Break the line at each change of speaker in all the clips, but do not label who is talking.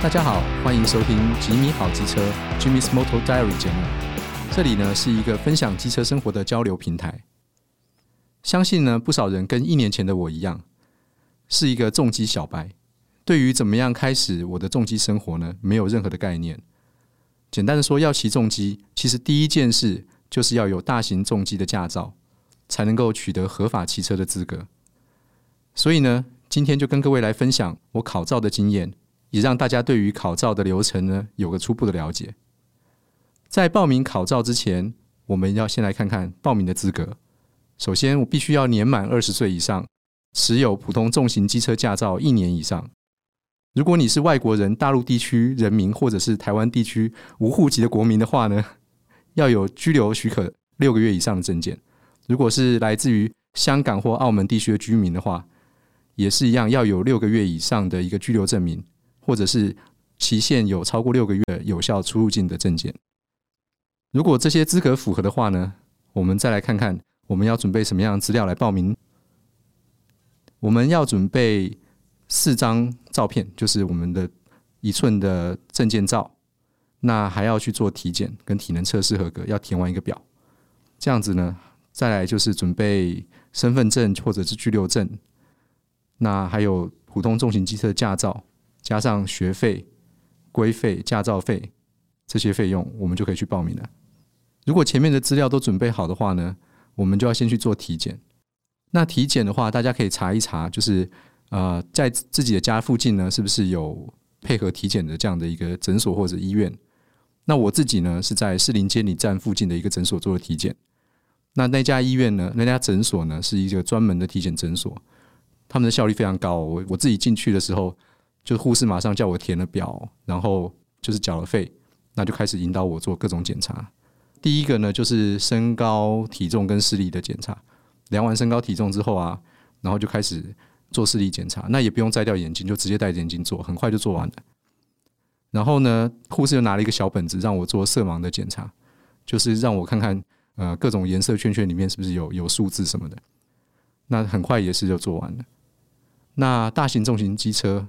大家好，歡迎收聽《吉米好機車》（Jimmy's Moto Diary） 節目。這裡呢是一個分享機車生活的交流平台。相信呢，不少人跟一年前的我一樣，是一個重機小白，對於怎麼樣開始我的重機生活呢，沒有任何的概念。簡單的說，要騎重機，其實第一件事就是要有大型重機的駕照，才能夠取得合法騎車的資格。所以呢，今天就跟各位來分享我考照的經驗。也讓大家對於考照的流程呢有個初步的了解。在報名考照之前，我們要先來看看報名的資格。首先，我必須要年滿二十歲以上，持有普通重型機車駕照一年以上。如果你是外國人、大陸地區人民或者是台灣地區無戶籍的國民的話呢，要有居留許可六個月以上的證件。如果是來自於香港或澳門地區的居民的話，也是一樣要有六個月以上的一個居留證明。或者是期限有超過六個月有效出入境的證件。如果這些資格符合的話呢，我們再來看看我們要準備什麼樣的資料來報名。我們要準備四張照片，就是我們的一寸的證件照。那還要去做體檢跟體能測試合格，要填完一個表。這樣子呢，再來就是準備身份證或者是居留證，那還有普通重型機車駕照。加上學費、規費、駕照費這些費用，我們就可以去報名了。如果前面的資料都準備好的話呢，我們就要先去做體檢。那體檢的話，大家可以查一查，就是呃，在自己的家附近呢，是不是有配合體檢的這樣的一個診所或者醫院？那我自己呢，是在士林監理站附近的一個診所做的體檢。那那家醫院呢，那家診所呢，是一個專門的體檢診所，他們的效率非常高。我我自己進去的時候。就護士馬上叫我填了表，然後就是繳了費，那就開始引導我做各種檢查。第一個呢，就是身高、體重跟視力的檢查。量完身高體重之後啊，然後就開始做視力檢查。那也不用摘掉眼鏡，就直接戴眼鏡做，很快就做完了。然後呢，護士又拿了一個小本子讓我做色盲的檢查，就是讓我看看呃各種顏色圈圈裡面是不是有有數字什麼的。那很快也是就做完了。那大型重型機車。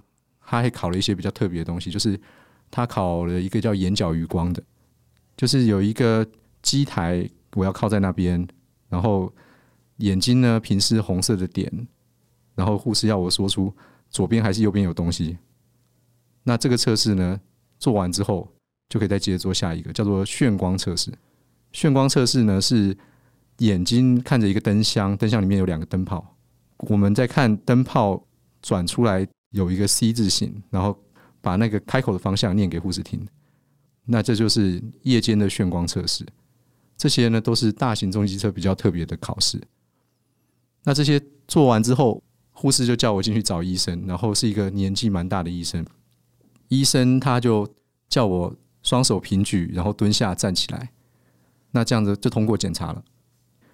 他還考了一些比較特別的東西，就是他考了一個叫眼角餘光的，就是有一個機台，我要靠在那邊，然後眼睛呢平視紅色的點，然後護士要我說出左邊還是右邊有東西。那這個測試呢做完之後，就可以再接着做下一個，叫做眩光測試。眩光測試呢是眼睛看着一個燈箱，燈箱裡面有兩個燈泡，我們再看燈泡轉出來，有一個 C 字形，然後把那個開口的方向念給護士聽，那這就是夜間的眩光測試。這些呢都是大型重機車比較特別的考試。那這些做完之後，護士就叫我進去找醫生，然後是一個年紀蠻大的醫生。醫生他就叫我雙手平舉，然後蹲下站起來，那這樣子就通過檢查了。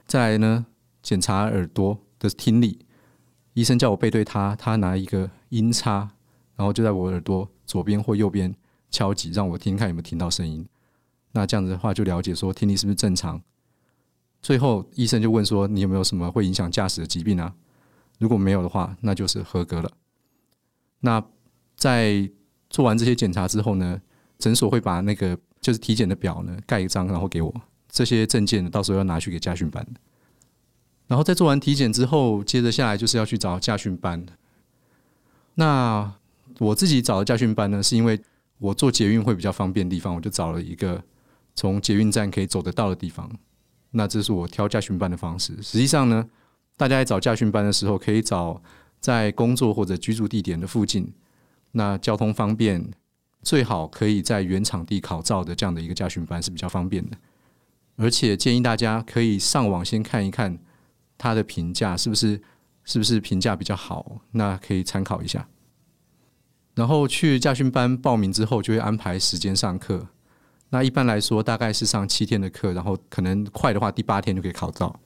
再來呢，檢查耳朵的聽力。醫生叫我背對他，他拿一個音叉，然後就在我耳朵左邊或右邊敲擊，讓我聽看有沒有聽到聲音。那這樣子的話，就了解說聽力是不是正常。最後醫生就問說：“你有沒有什麼會影響駕駛的疾病啊？”如果沒有的話，那就是合格了。那在做完這些檢查之後呢，診所會把那個就是體檢的表呢蓋一張，然後給我這些證件，到時候要拿去給駕訓班。然後在做完體檢之後，接着下來就是要去找駕訓班。那我自己找的駕訓班呢，是因為我坐捷運會比較方便的地方，我就找了一個從捷運站可以走得到的地方。那這是我挑駕訓班的方式。實際上呢，大家在找駕訓班的時候，可以找在工作或者居住地點的附近，那交通方便，最好可以在原場地考照的這樣的一個駕訓班是比較方便的。而且建議大家可以上網先看一看。他的評價是不是是不是評價比較好？那可以參考一下。然後去駕訓班報名之後，就會安排時間上課。那一般來說，大概是上七天的課，然後可能快的話，第八天就可以考到。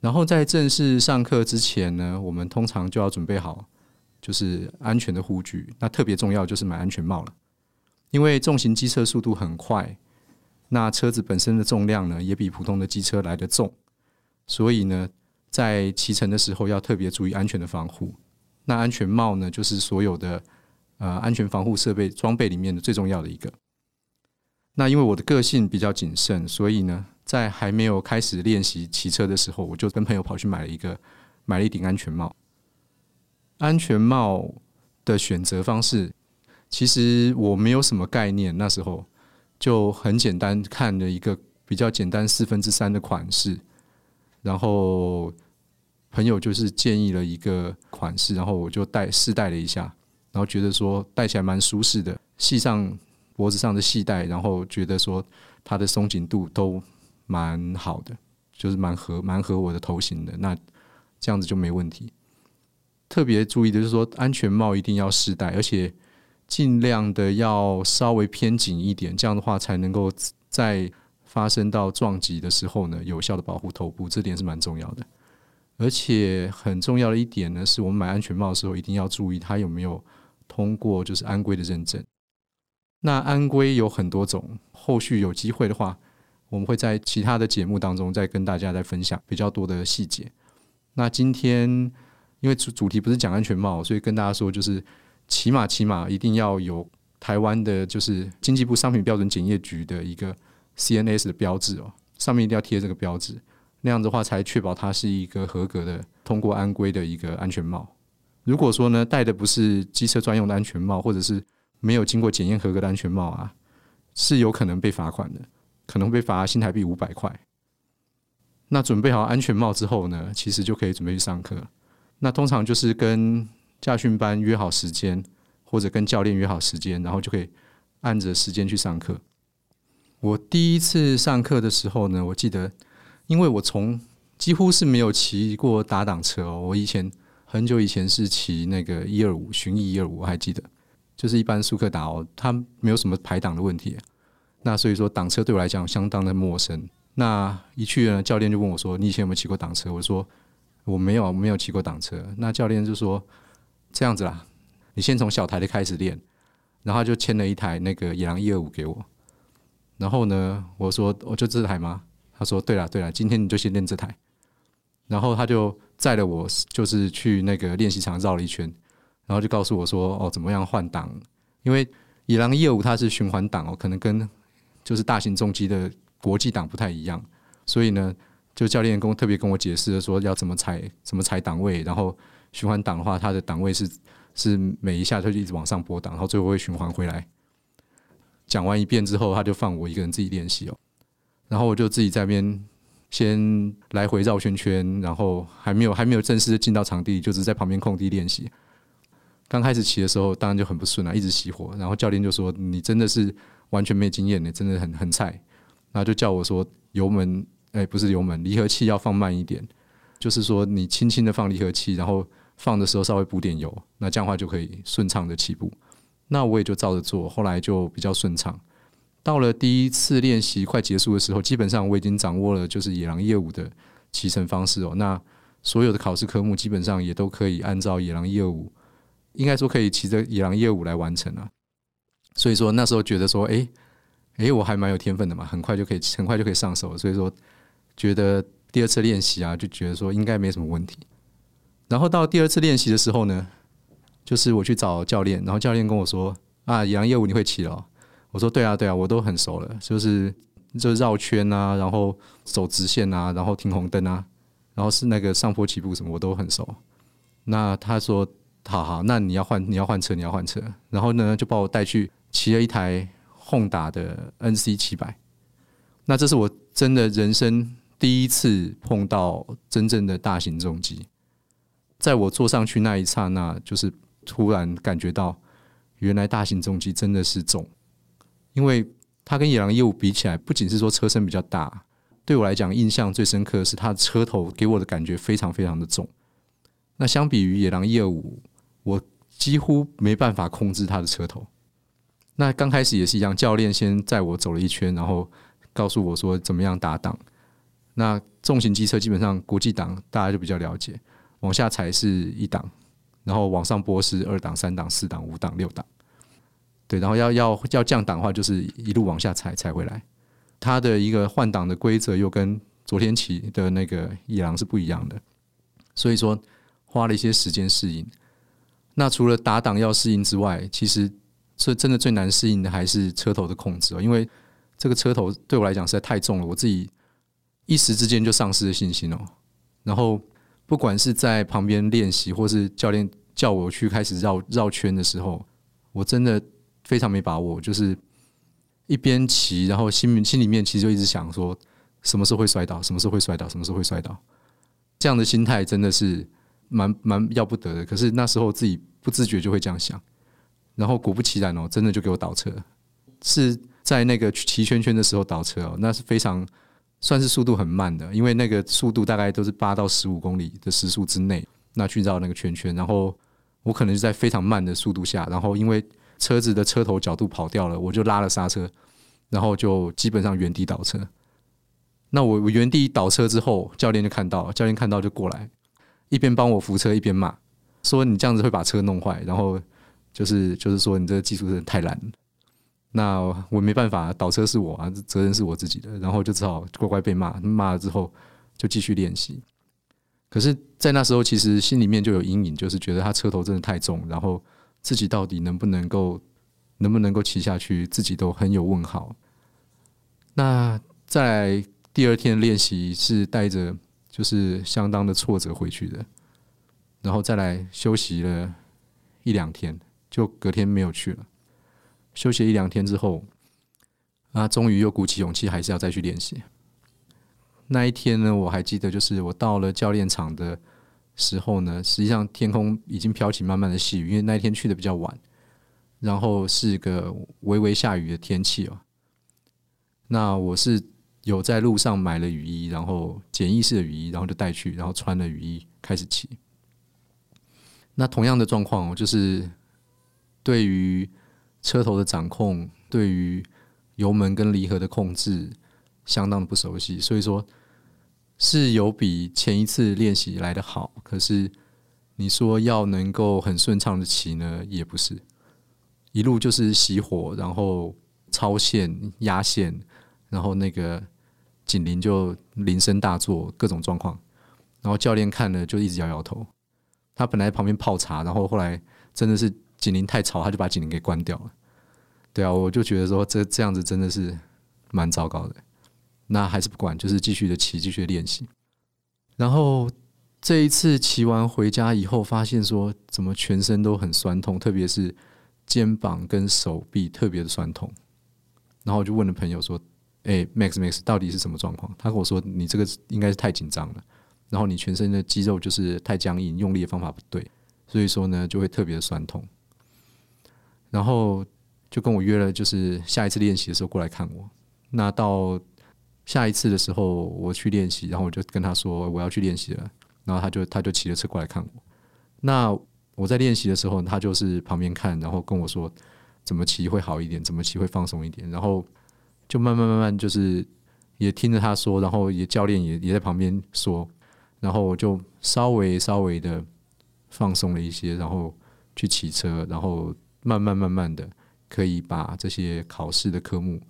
然後在正式上課之前呢，我們通常就要準備好，就是安全的護具。那特別重要就是買安全帽了，因為重型機車速度很快，那車子本身的重量呢，也比普通的機車來得重。所以呢，在騎乘的時候要特別注意安全的防護。那安全帽呢，就是所有的呃，安全防護設備裝備裡面的最重要的一個。那因為我的個性比較謹慎，所以呢，在還沒有開始練習騎車的時候，我就跟朋友跑去買了一個買了一頂安全帽。安全帽的選擇方式，其實我沒有什麼概念，那時候就很簡單看了一個比較簡單四分之三的款式。然後朋友就是建議了一個款式，然後我就戴試戴了一下，然後覺得說戴起來蠻舒適的，繫上脖子上的繫帶，然後覺得說它的鬆緊度都蠻好的，就是蠻合蠻合我的頭型的，那這樣子就沒問題。特別注意的就是說安全帽一定要試戴，而且盡量的要稍微偏緊一點，這樣的話才能夠在，發生到撞擊的時候呢，有效的保護頭部，這點是蠻重要的。而且很重要的一點呢，是我們買安全帽的時候一定要注意它有沒有通過就是安規的認證。那安規有很多種，後續有機會的話，我們會在其他的節目當中再跟大家再分享比較多的細節。那今天因為主主題不是講安全帽，所以跟大家說，就是起碼起碼一定要有台灣的就是經濟部商品標準檢驗局的一個 CNS 的標誌哦，上面一定要貼這個標誌，那樣子的話才確保它是一個合格的通過安規的一個安全帽。如果說呢，戴的不是機車專用的安全帽，或者是沒有經過檢驗合格的安全帽啊，是有可能被罰款的，可能被罰新台幣五百塊。那準備好安全帽之後呢，其實就可以準備去上課。那通常就是跟駕訓班約好時間，或者跟教練約好時間，然後就可以按着時間去上課。我第一次上課的時候呢，我記得，因為我從幾乎是沒有騎過打擋車哦、喔，我以前很久以前是騎那個一二五巡弋一二五，我還記得，就是一般速克達哦，它沒有什麼排檔的問題、啊，那所以說擋車對我來講相當的陌生。那一去呢，教練就問我說：“你以前有沒有騎過擋車？”我說：“我沒有、啊，我沒有騎過擋車。”那教練就說：“這樣子啦，你先從小台的開始練。”然後就牽了一台那個野狼一二五給我。然後呢，我說我、哦、就這台嗎？他說對啦對啦，今天你就先練這台。然後他就載了我，就是去那個練習場繞了一圈，然後就告訴我說：“哦，怎麼樣換擋？因為野狼業務它是循環擋哦，可能跟就是大型重機的國際擋不太一樣。所以呢，就教練跟我特別跟我解釋了說要怎麼踩、怎麼踩檔位。然後循環擋的話，它的檔位是是每一下就一直往上撥檔，然後最後會循環回來。”講完一遍之後，他就放我一個人自己練習哦。然後我就自己在那邊先來回繞圈圈，然後還沒有還沒有正式進到場地，就是在旁邊空地練習。剛開始騎的時候，當然就很不順啊，一直熄火。然後教練就說：“你真的是完全沒經驗，你真的很很菜。”然後就叫我說：“油門，誒，不是油門，離合器要放慢一點，就是說你輕輕的放離合器，然後放的時候稍微補點油，那這樣的話就可以順暢的起步。”那我也就照着做，後來就比較順暢。到了第一次練習快結束的時候，基本上我已經掌握了就是野狼一二五的騎乘方式哦。那所有的考試科目基本上也都可以按照野狼一二五，應該說可以騎着野狼一二五來完成了、啊。所以說那時候覺得說，哎、欸、誒，欸、我還蠻有天分的嘛，很快就可以很快就可以上手。所以說覺得第二次練習啊，就覺得說應該沒什麼問題。然後到第二次練習的時候呢。就是我去找教練，然後教練跟我說：“啊，野狼業務你會騎嘍、哦？”我說：“對啊，對啊，我都很熟了，就是就繞圈啊，然後走直線啊，然後停紅燈啊，然後是那個上坡起步什麼，我都很熟。”那他說：“好好，那你要換你要換車，你要換車，你要換車。”然後呢，就把我帶去騎了一台 Honda 的 NC 七百。那這是我真的人生第一次碰到真正的大型重機，在我坐上去那一剎那，就是。突然感覺到，原來大型重機真的是重，因為它跟野狼一二五比起來，不僅是說車身比較大，對我來講印象最深刻的是它的車頭給我的感覺非常非常的重。那相比於野狼一二五，我幾乎沒辦法控制它的車頭。那剛開始也是一樣，教練先載我走了一圈，然後告訴我說怎麼樣打檔。那重型機車基本上國際檔大家就比較了解，往下踩是一檔。然後往上撥是二檔、三檔、四檔、五檔、六檔，對，然後要要要降檔的話，就是一路往下踩踩回來。它的一個換擋的規則又跟昨天騎的那個野狼是不一樣的，所以說花了一些時間適應。那除了打檔要適應之外，其實這真的最難適應的還是車頭的控制哦，因為這個車頭對我來講實在太重了，我自己一時之間就喪失了信心哦，然後。不管是在旁邊練習，或是教練叫我去開始繞繞圈的時候，我真的非常沒把握。就是一邊騎，然後心心裡面其實就一直想說，什麼時候會摔倒，什麼時候會摔倒，什麼時候會摔倒。這樣的心態真的是蠻蠻要不得的。可是那時候自己不自覺就會這樣想，然後果不其然哦，真的就給我倒車，是在那個騎圈圈的時候倒車哦，那是非常。算是速度很慢的，因為那個速度大概都是八到十五公里的時速之內，那去繞那個圈圈。然後我可能就在非常慢的速度下，然後因為車子的車頭角度跑掉了，我就拉了剎車，然後就基本上原地倒車。那我我原地倒車之後，教練就看到，教練看到就過來，一邊幫我扶車，一邊罵說：“你這樣子會把車弄壞。”然後就是就是說你這個技術真的太爛了。那我沒辦法，倒車是我啊，責任是我自己的。然後就只好乖乖被罵，罵了之後就繼續練習。可是，在那時候，其實心裡面就有陰影，就是覺得他車頭真的太重，然後自己到底能不能夠，能不能夠騎下去，自己都很有問號。那在第二天練習是帶着就是相當的挫折回去的，然後再來休息了一兩天，就隔天沒有去了。休息一兩天之後，啊，終於又鼓起勇氣，還是要再去練習。那一天呢，我還記得，就是我到了教練場的時候呢，實際上天空已經飄起慢慢的細雨，因為那一天去的比較晚，然後是個微微下雨的天氣哦。那我是有在路上買了雨衣，然後簡易式的雨衣，然後就帶去，然後穿了雨衣開始騎。那同樣的狀況哦，就是對於。車頭的掌控，對於油門跟離合的控制，相當不熟悉。所以說是有比前一次練習來得好，可是你說要能夠很順暢的騎呢，也不是。一路就是熄火，然後超線、壓線，然後那個警鈴就鈴聲大作，各種狀況。然後教練看了就一直搖搖頭。他本來在旁邊泡茶，然後後來真的是。錦麟太吵，他就把錦麟給關掉了。對啊，我就覺得說這這樣子真的是蠻糟糕的。那還是不管，就是繼續的騎，繼續練習。然後這一次騎完回家以後，發現說怎麼全身都很痠痛，特別是肩膀跟手臂特別的痠痛。然後我就問了朋友說：“哎、欸、，Max Max 到底是什麼狀況？”他跟我說：“你這個應該是太緊張了，然後你全身的肌肉就是太僵硬，用力的方法不對，所以說呢就會特別的痠痛。”然後就跟我約了，就是下一次練習的時候過來看我。那到下一次的時候，我去練習，然後我就跟他說我要去練習了。然後他就他就騎着車過來看我。那我在練習的時候，他就是旁邊看，然後跟我說怎麼騎會好一點，怎麼騎會放鬆一點。然後就慢慢慢慢，就是也聽着他說，然後也教練也也在旁邊說，然後我就稍微稍微的放鬆了一些，然後去騎車，然後。慢慢慢慢的，可以把這些考試的科目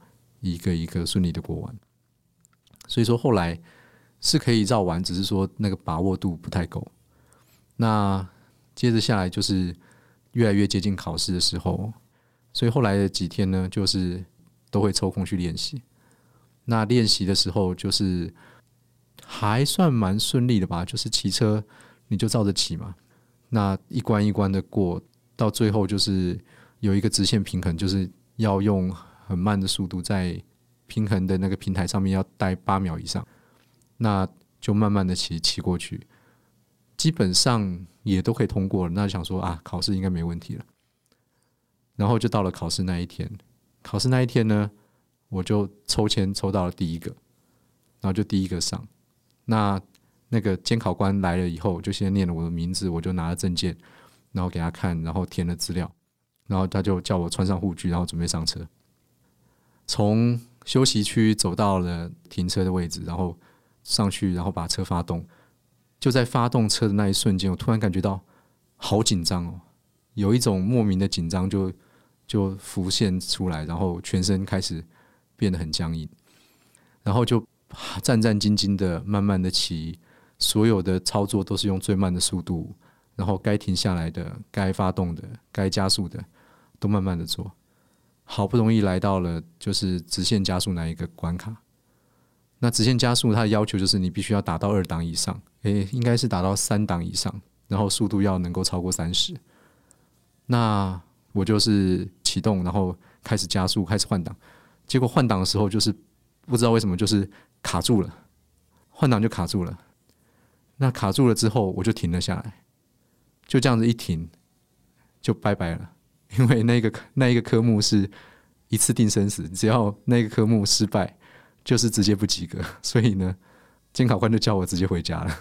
一個一個順利的過完。所以說後來是可以照完，只是說那個把握度不太夠。那接着下來就是越來越接近考試的時候，所以後來的幾天呢，就是都會抽空去練習。那練習的時候就是還算蠻順利的吧，就是騎車你就照着騎嘛，那一關一關的過。到最後，就是有一個直線平衡，就是要用很慢的速度在平衡的那個平台上面要待八秒以上，那就慢慢的騎騎過去，基本上也都可以通過了。那就想說啊，考試應該沒問題了。然後就到了考試那一天，考試那一天呢，我就抽籤抽到了第一個，然後就第一個上。那那個監考官來了以後，就先念了我的名字，我就拿了證件。然後給他看，然後填了資料，然後他就叫我穿上護具，然後準備上車，從休息區走到了停車的位置，然後上去，然後把車發動，就在發動車的那一瞬間，我突然感覺到好緊張哦，有一種莫名的緊張就就浮現出來，然後全身開始變得很僵硬，然後就戰戰兢兢的慢慢的騎，所有的操作都是用最慢的速度。然後該停下來的，的該發動的，該加速的，都慢慢的做。好不容易來到了就是直線加速那一個關卡，那直線加速它的要求就是你必須要達到二檔以上、欸，誒，應該是達到三檔以上，然後速度要能夠超過三十。那我就是啟動，然後開始加速，開始換擋，結果換擋的時候就是不知道為什麼就是卡住了，換擋就卡住了。那卡住了之後，我就停了下來。就這樣子一停，就拜拜了。因為那個那一個科目是一次定生死，只要那個科目失敗，就是直接不及格。所以呢，監考官就叫我直接回家了。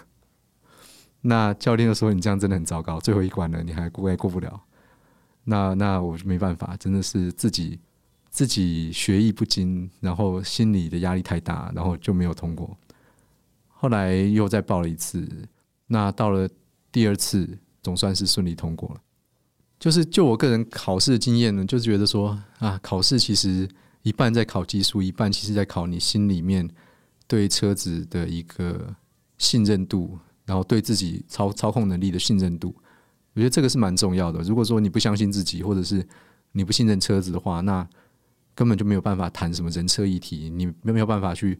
那教練就說：“你這樣真的很糟糕，最後一關了，你還過也過不了。那”那那我就沒辦法，真的是自己自己學藝不精，然後心理的壓力太大，然後就沒有通過。後來又再報了一次，那到了第二次。總算是順利通過了。就是就我個人考試的經驗呢，就是覺得說啊，考試其實一半在考技術，一半其實，在考你心裡面對車子的一個信任度，然後對自己操操控能力的信任度。我覺得這個是蠻重要的。如果說你不相信自己，或者是你不信任車子的話，那根本就沒有辦法談什麼人車一體，你沒有辦法去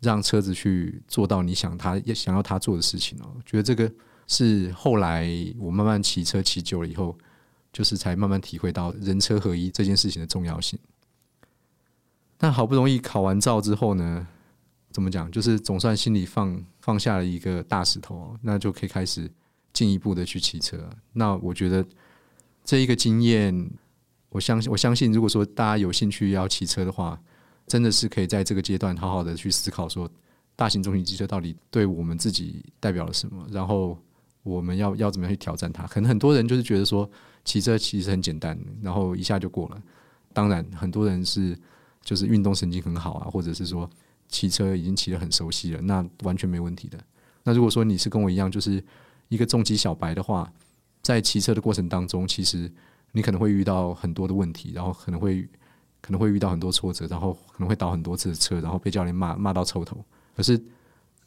讓車子去做到你想他要想要他做的事情哦、喔。覺得這個。是後來我慢慢騎車騎久了以後，就是才慢慢體會到人車合一這件事情的重要性。但好不容易考完照之後呢，怎麼講？就是總算心裡放放下了一個大石頭，那就可以開始進一步的去騎車。那我覺得這一個經驗，我相信，我相信，如果說大家有興趣要騎車的話，真的是可以在這個階段好好的去思考，說大型重型機車到底對我們自己代表了什麼，然後。我們要要怎麼樣去挑戰它？可能很多人就是覺得說騎車其實很簡單，然後一下就過了。當然，很多人是就是運動神經很好啊，或者是說騎車已經騎得很熟悉了，那完全沒問題的。那如果說你是跟我一樣，就是一個重機小白的話，在騎車的過程當中，其實你可能會遇到很多的問題，然後可能會可能會遇到很多挫折，然後可能會倒很多次的車，然後被教練罵罵到臭頭。可是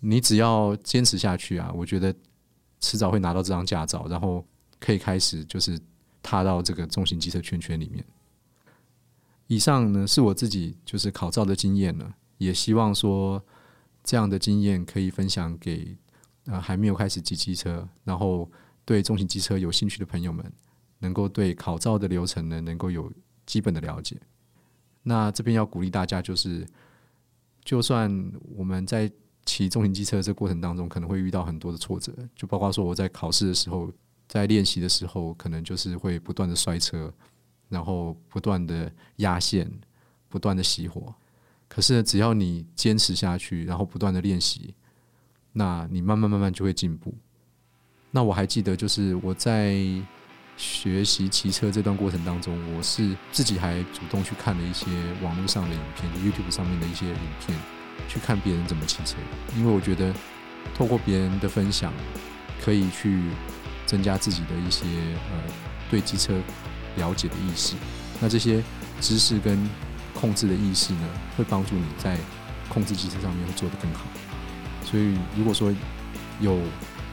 你只要堅持下去啊，我覺得。遲早會拿到這張駕照，然後可以開始就是踏到這個重型機車圈圈裡面。以上呢是我自己就是考照的經驗了，也希望說這樣的經驗可以分享給呃還沒有開始騎機車，然後對重型機車有興趣的朋友們，能夠對考照的流程呢能夠有基本的了解。那這邊要鼓勵大家，就是就算我們在。騎重型機車這過程當中，可能會遇到很多的挫折，就包括說我在考試的時候，在練習的時候，可能就是會不斷的摔車，然後不斷的壓線，不斷的熄火。可是只要你堅持下去，然後不斷的練習，那你慢慢慢慢就會進步。那我還記得，就是我在學習騎車這段過程當中，我是自己還主動去看了一些網絡上的影片，YouTube 上面的一些影片。去看別人怎麼騎車，因為我覺得透過別人的分享，可以去增加自己的一些呃對機車了解的意識。那這些知識跟控制的意識呢，會幫助你在控制機車上面會做得更好。所以如果說有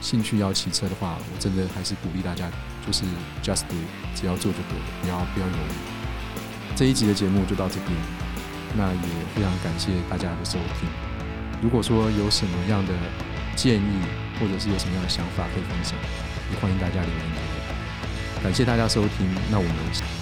興趣要騎車的話，我真的還是鼓勵大家，就是 just do it, 只要做就對了，不要不要猶豫。這一集的節目就到這邊。那也非常感謝大家的收聽。如果說有什麼樣的建議，或者是有什麼樣的想法可以分享，也歡迎大家留言給我。感謝大家收聽，那我們。